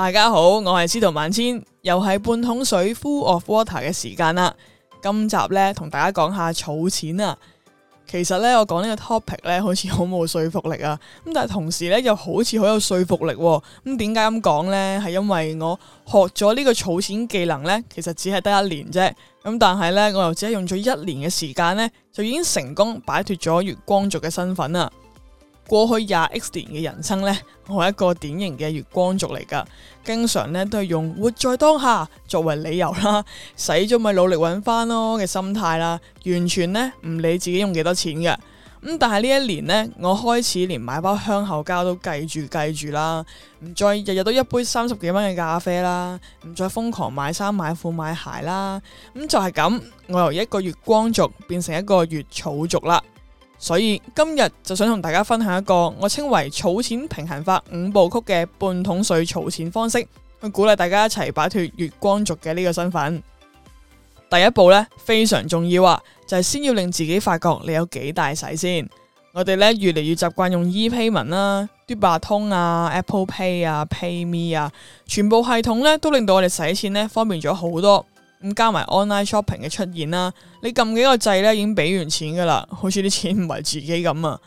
大家好，我係司徒萬千，又係半桶水 full of water 嘅時間啦。今集咧，同大家講下儲錢啊。其實咧，我講呢個 topic 咧，好似好冇說服力啊，咁但係同時咧，又好似好有說服力喎。咁點解咁講咧？係因為我學咗呢個儲錢技能咧，其實只係得一年啫。咁但係咧，我又只係用咗一年嘅時間咧，就已經成功擺脫咗月光族嘅身份啦。過去廿 X 年嘅人生呢，我係一個典型嘅月光族嚟噶，經常呢，都係用活在當下作為理由啦，使咗咪努力揾翻咯嘅心態啦，完全呢唔理自己用幾多錢噶。咁但係呢一年呢，我開始連買包香口膠都計住計住啦，唔再日日都一杯三十幾蚊嘅咖啡啦，唔再瘋狂買衫買褲買鞋啦，咁、嗯、就係、是、咁，我由一個月光族變成一個月草族啦。所以今日就想同大家分享一個我稱為儲錢平衡法五步曲嘅半桶水儲錢方式，去鼓勵大家一齊擺脫月光族嘅呢個身份。第一步咧非常重要啊，就係、是、先要令自己發覺你有幾大使先。我哋咧越嚟越習慣用 ePayment 啦、啊、嘟八通啊、Apple Pay 啊、PayMe 啊，全部系統咧都令到我哋使錢咧方便咗好多。咁加埋 online shopping 嘅出現啦，你撳幾個掣咧已經俾完錢噶啦，好似啲錢唔係自己咁啊！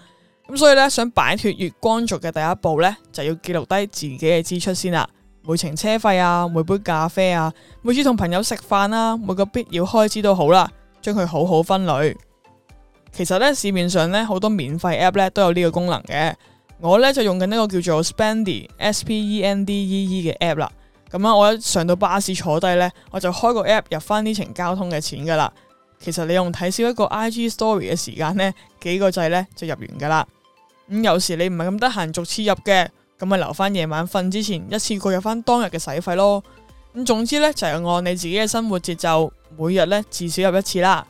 咁所以咧，想擺脫月光族嘅第一步咧，就要記錄低自己嘅支出先啦。每程車費啊，每杯咖啡啊，每次同朋友食飯啊、每個必要開支都好啦，將佢好好分類。其實咧，市面上咧好多免費 app 咧都有呢個功能嘅。我咧就用緊呢個叫做 Spendee, S P E N D E E 嘅 app 啦。咁樣我一上到巴士坐低呢，我就開個 app 入返呢程交通嘅錢噶啦。其實你用睇少一個 IG Story 嘅時間呢，幾個掣呢就入完噶啦。咁、嗯、有時你唔係咁得閒逐次入嘅，咁咪留翻夜晚瞓之前一次過入返當日嘅使費咯。咁、嗯、總之呢，就係、是、按你自己嘅生活節奏，每日呢至少入一次啦。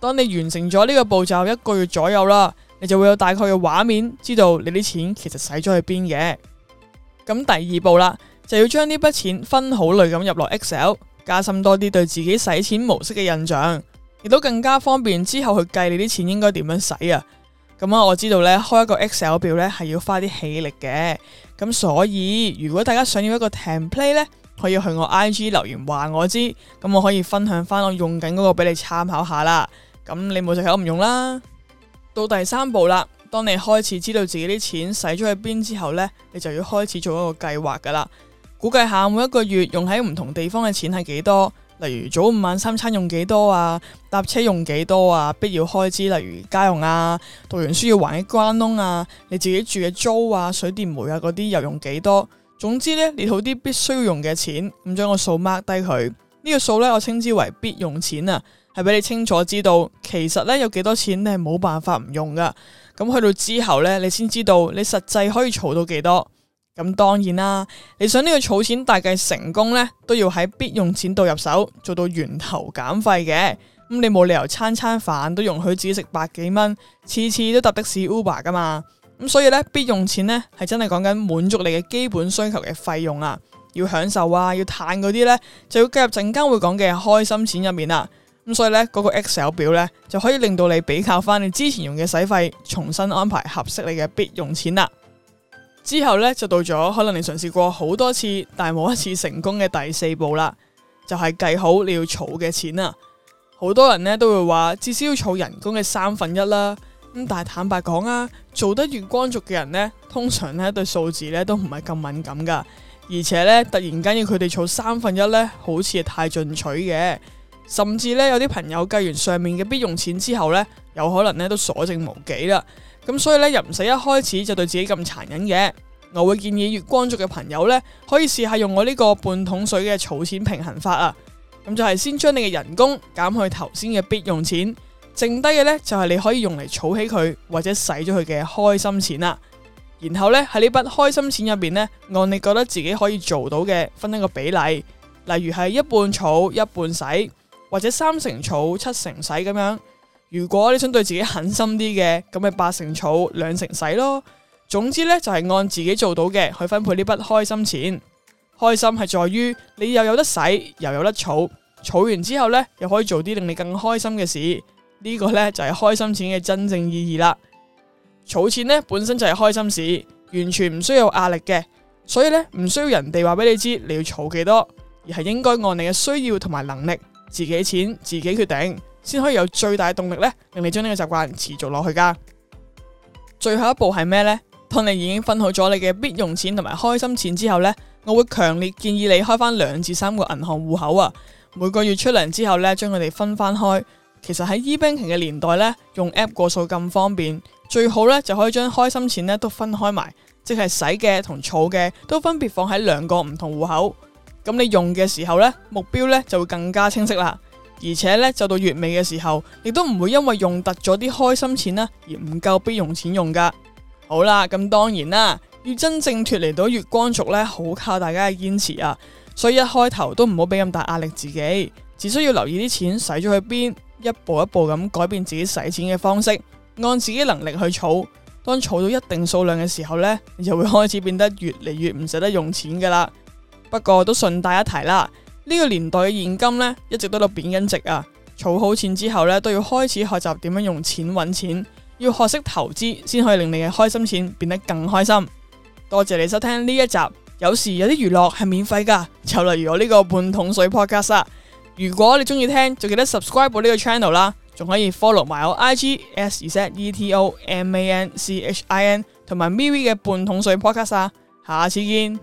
當你完成咗呢個步驟一個月左右啦，你就會有大概嘅畫面，知道你啲錢其實使咗去邊嘅。咁、嗯、第二步啦。就要將呢筆錢分好類，咁入落 XL，加深多啲對自己使錢模式嘅印象，亦都更加方便之後去計你啲錢應該點樣使啊！咁、嗯、啊，我知道呢，開一個 XL 表呢係要花啲氣力嘅，咁、嗯、所以如果大家想要一個 template 呢，可以去我 IG 留言話我知，咁、嗯、我可以分享翻我用緊嗰個俾你參考下啦。咁、嗯、你冇借口唔用啦。到第三步啦，當你開始知道自己啲錢使咗去邊之後呢，你就要開始做一個計劃噶啦。估計下每一個月用喺唔同地方嘅錢係幾多，例如早午晚三餐用幾多啊，搭車用幾多啊，必要開支例如家用啊，讀完書要還啲關窿啊，你自己住嘅租啊、水電煤啊嗰啲又用幾多。總之呢，列好啲必須要用嘅錢，咁將個數 mark 低佢。呢個數呢，我稱之為必用錢啊，係俾你清楚知道，其實呢，有幾多錢你係冇辦法唔用噶。咁去到之後呢，你先知道你實際可以儲到幾多。咁當然啦，你想呢個儲錢大計成功呢，都要喺必用錢度入手，做到源頭減費嘅。咁、嗯、你冇理由餐餐飯都容許自己食百幾蚊，次次都搭的士 Uber 噶嘛。咁、嗯、所以呢，必用錢呢係真係講緊滿足你嘅基本需求嘅費用啦。要享受啊，要嘆嗰啲呢，就要計入陣間會講嘅開心錢入面啦。咁、嗯、所以呢，嗰、那個 Excel 錶呢，就可以令到你比較翻你之前用嘅使費，重新安排合適你嘅必用錢啦。之後呢，就到咗可能你嘗試過好多次，但係冇一次成功嘅第四步啦，就係計好你要儲嘅錢啊！好多人呢都會話至少要儲人工嘅三分一啦，咁但係坦白講啊，做得月光族嘅人呢，通常呢對數字呢都唔係咁敏感噶，而且呢，突然間要佢哋儲三分一呢，好似係太進取嘅。甚至咧，有啲朋友計完上面嘅必用錢之後呢，有可能呢都所剩無幾啦。咁所以呢，又唔使一開始就對自己咁殘忍嘅。我會建議月光族嘅朋友呢，可以試下用我呢個半桶水嘅儲錢平衡法啊。咁就係先將你嘅人工減去頭先嘅必用錢，剩低嘅呢就係你可以用嚟儲起佢或者使咗佢嘅開心錢啦。然後呢，喺呢筆開心錢入邊呢，按你覺得自己可以做到嘅分一個比例，例如係一半儲一半使。或者三成儲，七成使咁樣。如果你想對自己狠心啲嘅，咁咪八成儲，兩成使咯。總之呢，就係按自己做到嘅去分配呢筆開心錢。開心係在於你又有得使，又有得儲。儲完之後呢，又可以做啲令你更開心嘅事。呢個呢，就係開心錢嘅真正意義啦。儲錢呢，本身就係開心事，完全唔需要壓力嘅，所以呢，唔需要人哋話俾你知你要儲幾多，而係應該按你嘅需要同埋能力。自己錢自己決定，先可以有最大動力呢，令你將呢個習慣持續落去噶。最後一步係咩呢？當你已經分好咗你嘅必用錢同埋開心錢之後呢，我會強烈建議你開翻兩至三個銀行戶口啊！每個月出糧之後呢，將佢哋分翻開。其實喺 e-banking 嘅年代呢，用 app 過數咁方便，最好呢就可以將開心錢呢都分開埋，即係洗嘅同儲嘅都分別放喺兩個唔同戶口。咁你用嘅時候呢，目標呢就會更加清晰啦。而且呢，就到月尾嘅時候，亦都唔會因為用突咗啲開心錢啦、啊，而唔夠必用錢用噶。好啦，咁當然啦，要真正脫離到月光族呢，好靠大家嘅堅持啊。所以一開頭都唔好俾咁大壓力自己，只需要留意啲錢使咗去邊，一步一步咁改變自己使錢嘅方式，按自己能力去儲。當儲到一定數量嘅時候呢，就會開始變得越嚟越唔捨得用錢噶啦。不過都順帶一提啦，呢個年代嘅現金咧，一直都喺度貶值啊！儲好錢之後咧，都要開始學習點樣用錢揾錢，要學識投資先可以令你嘅開心錢變得更開心。多謝你收聽呢一集，有時有啲娛樂係免費噶，就例如我呢個半桶水 podcast 啊！如果你中意聽，就記得 subscribe 我呢個 channel 啦，仲可以 follow 埋我 IG szetomanchin 同埋 Mivi 嘅半桶水 podcast 啊！下次見。